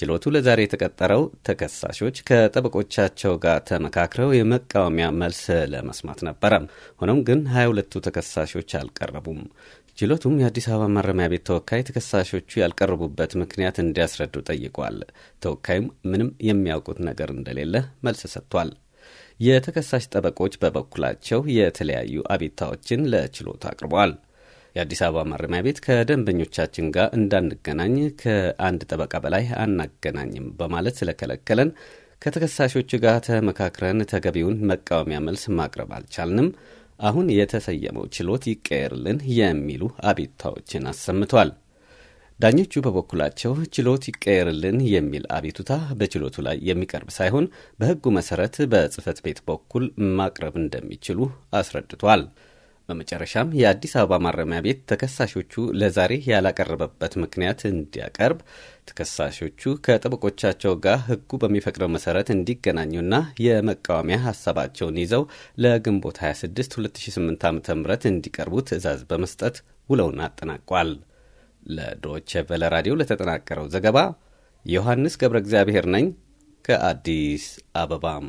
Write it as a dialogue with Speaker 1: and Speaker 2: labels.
Speaker 1: ችሎቱ ለዛሬ የተቀጠረው ተከሳሾች ከጠበቆቻቸው ጋር ተመካክረው የመቃወሚያ መልስ ለመስማት ነበረ። ሆኖም ግን 22ቱ ተከሳሾች አልቀረቡም። ችሎቱም የአዲስ አበባ ማረሚያ ቤት ተወካይ ተከሳሾቹ ያልቀረቡበት ምክንያት እንዲያስረዱ ጠይቋል። ተወካዩም ምንም የሚያውቁት ነገር እንደሌለ መልስ ሰጥቷል። የተከሳሽ ጠበቆች በበኩላቸው የተለያዩ አቤታዎችን ለችሎቱ አቅርበዋል። የአዲስ አበባ ማረሚያ ቤት ከደንበኞቻችን ጋር እንዳንገናኝ ከአንድ ጠበቃ በላይ አናገናኝም በማለት ስለከለከለን ከተከሳሾች ጋር ተመካክረን ተገቢውን መቃወሚያ መልስ ማቅረብ አልቻልንም። አሁን የተሰየመው ችሎት ይቀየርልን የሚሉ አቤቱታዎችን አሰምቷል። ዳኞቹ በበኩላቸው ችሎት ይቀየርልን የሚል አቤቱታ በችሎቱ ላይ የሚቀርብ ሳይሆን በሕጉ መሰረት በጽህፈት ቤት በኩል ማቅረብ እንደሚችሉ አስረድቷል። በመጨረሻም የአዲስ አበባ ማረሚያ ቤት ተከሳሾቹ ለዛሬ ያላቀረበበት ምክንያት እንዲያቀርብ ተከሳሾቹ ከጠበቆቻቸው ጋር ሕጉ በሚፈቅደው መሰረት እንዲገናኙና የመቃወሚያ ሀሳባቸውን ይዘው ለግንቦት 26 2008 ዓ ም እንዲቀርቡ ትዕዛዝ በመስጠት ውለውን አጠናቋል። ለዶቼ ቬለ ራዲዮ ለተጠናቀረው ዘገባ ዮሐንስ ገብረ እግዚአብሔር ነኝ ከአዲስ አበባም